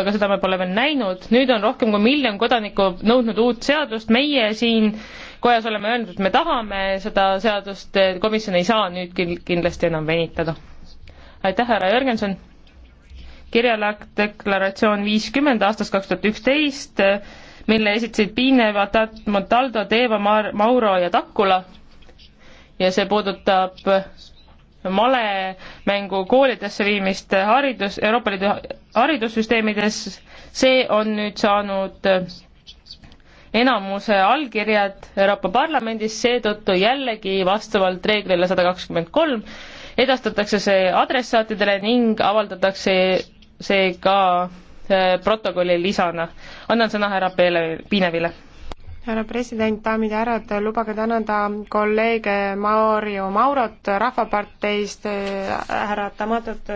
aga seda me pole veel näinud. nüüd on rohkem kui miljon kodanikku nõudnud uut seadust, meie siin kojas oleme öelnud, et me tahame seda seadust, komisjon ei saa nüüd kindlasti enam venitada. aitäh, härra Jürgenson! kirjalik deklaratsioon viiskümmend aastast kaks tuhat üksteist, mille esitasid Piine, Vatat, Montaldo, Teeva, Mauro ja Takula ja see puudutab malemängu koolidesse viimist haridus, Euroopa Liidu haridussüsteemides, see on nüüd saanud enamuse allkirjad Euroopa Parlamendis, seetõttu jällegi vastavalt reeglile sada kakskümmend kolm edastatakse see adressaatidele ning avaldatakse see ka eh, protokolli lisana. annan sõna härra Peele Piinevile härra president, daamid ja härrad, lubage tänada kolleege Mario Maurot Rahvaparteist, härra Tamatot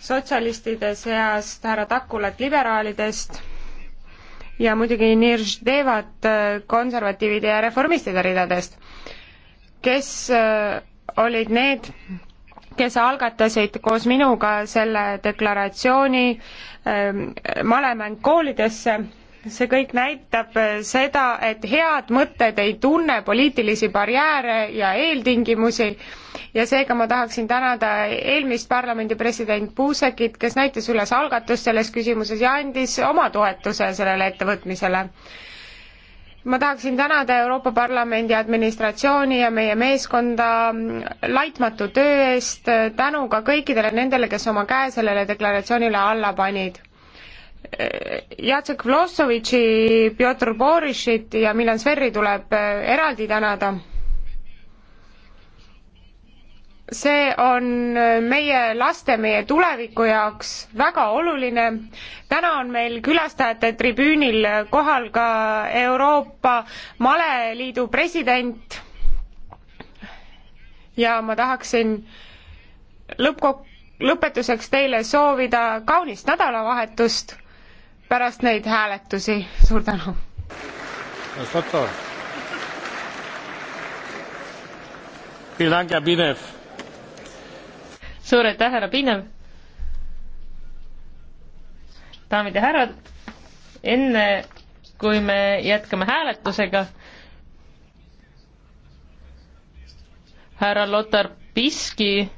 sotsialistide seast, härra Takulat liberaalidest ja muidugi Nirž Devat konservatiivide ja reformistide ridadest, kes äh, olid need, kes algatasid koos minuga selle deklaratsiooni ähm, malemäng koolidesse see kõik näitab äh, seda, et head mõtted ei tunne poliitilisi barjääre ja eeltingimusi ja seega ma tahaksin tänada eelmist parlamendi president Puusekit, kes näitas üles algatust selles küsimuses ja andis oma toetuse sellele ettevõtmisele ma tahaksin tänada Euroopa Parlamendi administratsiooni ja meie meeskonda laitmatu töö eest, äh, tänu ka kõikidele nendele, kes oma käe sellele deklaratsioonile alla panid Jacek Vlossovitši, Pjotor Borišit ja Milan Sverri tuleb eh, eraldi tänada. see on eh, meie laste, meie tuleviku jaoks väga oluline. täna on meil külastajate tribüünil kohal ka Euroopa Maleliidu president. ja ma tahaksin lõppkok-, lõpetuseks teile soovida kaunist nädalavahetust pärast neid hääletusi, suur tänu. suur aitäh, härra Pinev. daamid ja härrad, enne kui me jätkame hääletusega, härra Lotar Piski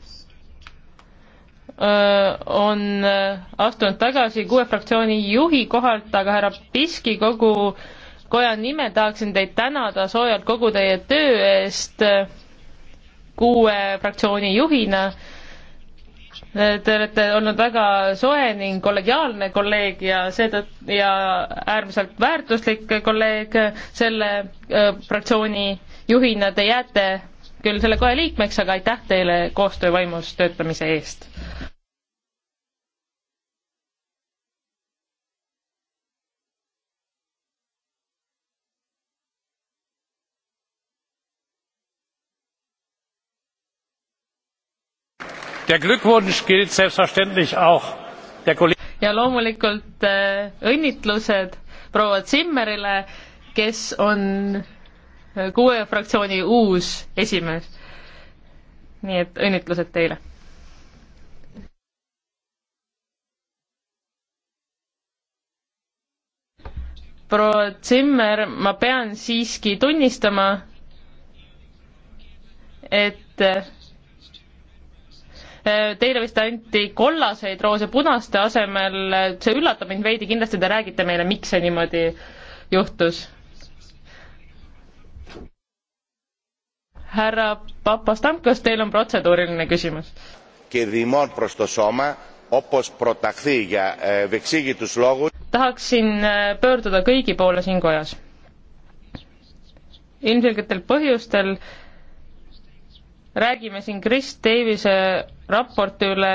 on astunud tagasi kuue fraktsiooni juhi kohalt, aga härra Piski kogu koja nimel tahaksin teid tänada soojalt kogu teie töö eest kuue fraktsiooni juhina. Te olete olnud väga soe ning kollegiaalne kolleeg ja seetõttu ja äärmiselt väärtuslik kolleeg selle äh, fraktsiooni juhina te jääte küll selle koja liikmeks, aga aitäh teile koostöövaimus töötamise eest ja loomulikult äh, õnnitlused proua Zimmerile, kes on äh, kuue fraktsiooni uus esimees. nii et õnnitlused teile proua Zimmer, ma pean siiski tunnistama, et äh, Teile vist anti kollaseid roose punaste asemel, see üllatab mind veidi, kindlasti te räägite meile, miks see niimoodi juhtus. härra Papastamkos, teil on protseduuriline küsimus. tahaksin pöörduda kõigi poole siin kojas. ilmselgetel põhjustel äh, räägime siin Chris Davise raporti üle